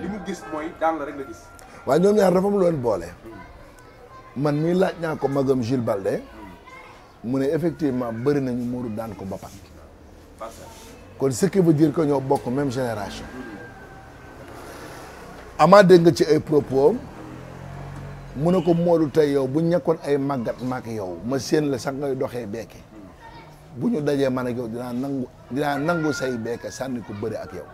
li mu gis mooy daan la rek la gis. waaye ñoom ñaar dafa mu leen boole. Hmm. man mii laaj naa ko magam Gilles Balde. Hmm. mu ne effectivement bëri nañu muuru daan ko Mbapat. kon ce qui veut ko que ñoo bokk même génération. Hmm. amaa dégg ci ay propos mu ne ko Modou tey yow bu ñekkoon ay màggat maak yow ma séen la sax ngay doxee beeke bu ñu dajee man ak yow dinaa nangu dinaa nangu say beeke sànni ko bëri ak yow.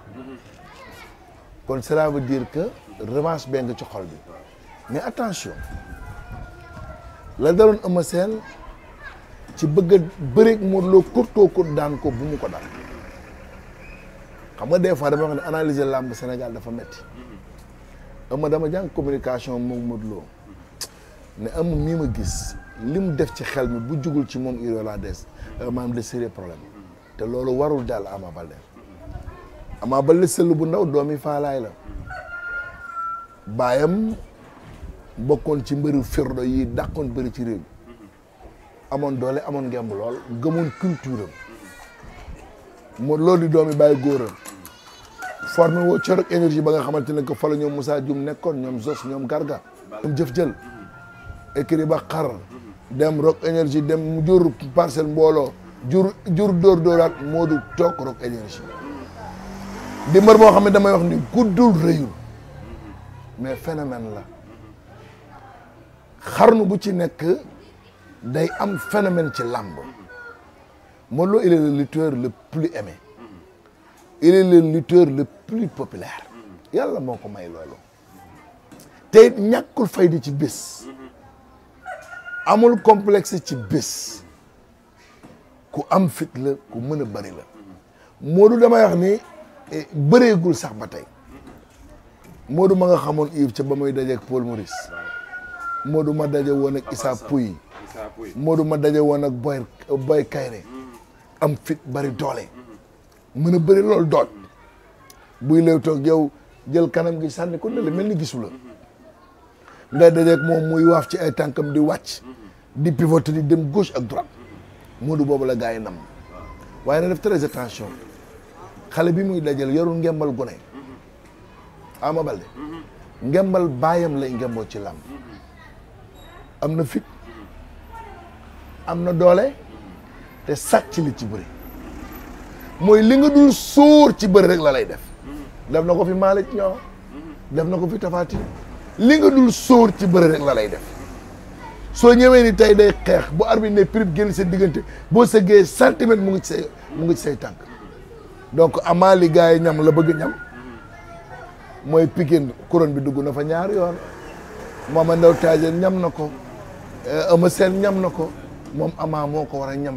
kon cela veut dire que revanche beng ci xol bi mais attention la daroon Eumeu Sène ci bëgg a bëreeg Modou bu mu ko xam nga des fois dama wax ne analyser làmb Sénégal dafa metti Eumeu dama jàng communication moom Modou Lo ne am mii ma gis li mu def ci xel mi bu jugul ci moom Irola des euh, maanaam de sérieux problème te loolu warul daal Ama Baldé ma Baldé sëll bu ndaw doomi faalaay la baayam bokkoon ci mbëri firdo yi dàqoon bëri ci amoon doole amoon ngemb lool gëmoon culture am moo loolu di doomi bàyyi góoram formé woo corog énergie ba nga xamante ne que fa la ñoom Moussa Dioum nekkoon ñoom Zos ñoom Garga ñoom jëf jël écrit ba xar dem rock énergie dem jur parcelle mbooloo jur jur dóor dóoraat moo du toog rock énergie di mbër moo xam ne damay wax ni guddul rëyul mais phénomène la xarnu bu ci nekk day am phénomène ci làmb Modou Lô il est le lutteur le plus aimé il est le lutteur plus populaire yàlla moo ko may loolu te ñàkkul faydi ci bis amul complex ci bis ku am fit ku mën a bëri la Modou damay ni Eh, bëreegul sax ba tey Modou ma nga xamoon Yves ca ba muy dajeeg Paul Maurice Modou ma daje woon ak Issa Pouye Modou ma daje woon ak Boy Boy Kayre mm-hmm. am fit bari doole mën a bëri loolu doot buy leew toog yow jël kanam gi sànni ko ne mel ni gisula la mm-hmm. ngay dajeeg moom muy waaf ci ay tànkam di wàcc mm-hmm. di pivoter di dem gauche ak droite Modou boobu la gars yi nam waaye na def très attention xale bi muy dajal yorul ngembal gone Ama Baldé ngembal baayam lay ngemboo ci làmb am na fit am na doole te sàcc li ci bëri mooy li nga dul sóor ci bëri rek la lay def def na ko fi Malick ñoo def na ko fi Tafaati li nga dul sóor ci bëri rek la def soo ñëwee ni tey day xeex bu arbitre ne prib génn sa diggante boo sëggee centimètre mu ngi ci say mu ngi ci say tànk donc amaali gars yi ñam la bëgg ñam mooy Pikine couronne bi dugg na fa ñaar yoon Mama Ndaw Taje ñam na ko euh, Eumeu Sène ñam na ko moom Ama moo ko war a ñam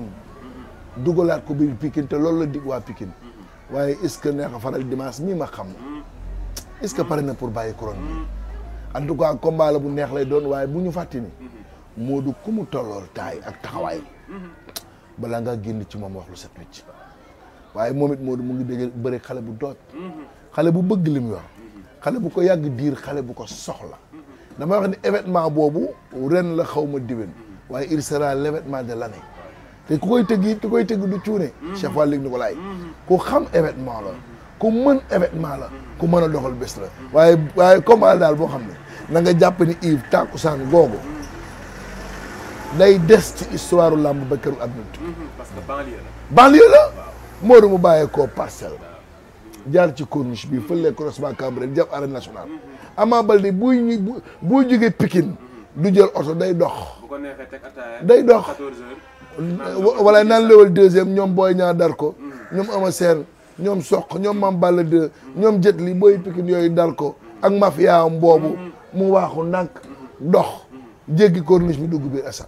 dugalaat ko biir Pikine te loolu la dig waa Pikine waaye est-ce que neex a faral dimanche mii ma xam est-ce que pare na pour bàyyi couronne bi en tout cas combat bu neex lay doon waaye bu ñu fàttali ni Modou ku mu tollool taay ak taxawaay balaa nga génn ci moom wax lu set wecc waaye moom it du mu ngi dégg bari xale bu dooj xale bu bëgg li mu yor xale bu ko yàgg diir xale bu ko soxla damay wax ni événement boobu ren la xaw ma diwén waaye il sera l' de l' année te ku koy tëggi ku koy tëgg du cuune chef wa lig ni ko ku xam événement la ku mën événement la ku mën a doxal bés la waaye waaye combat daal boo xam ne nanga nga jàpp ni Yves tàkkusaan googu day des ci histoire làmb ba kër adduna mm-hmm. parce que banlieue la Modou mu bàyyeekoo parcelle jaar ci corniche bi fële croisement Cambérène jàpp arène national Ama bal buy ñu buy jógee Pikine du jël oto day dox. day dox. 14h wala naan lewal ñoom booy ñaar dar ko. ñoom ama seen ñoom soq ñoom mam Balla deux ñoom jët li booy Pikine yooyu dar ko ak mafia am boobu mu waaxu ndànk dox jéggi corniche bi dugg biir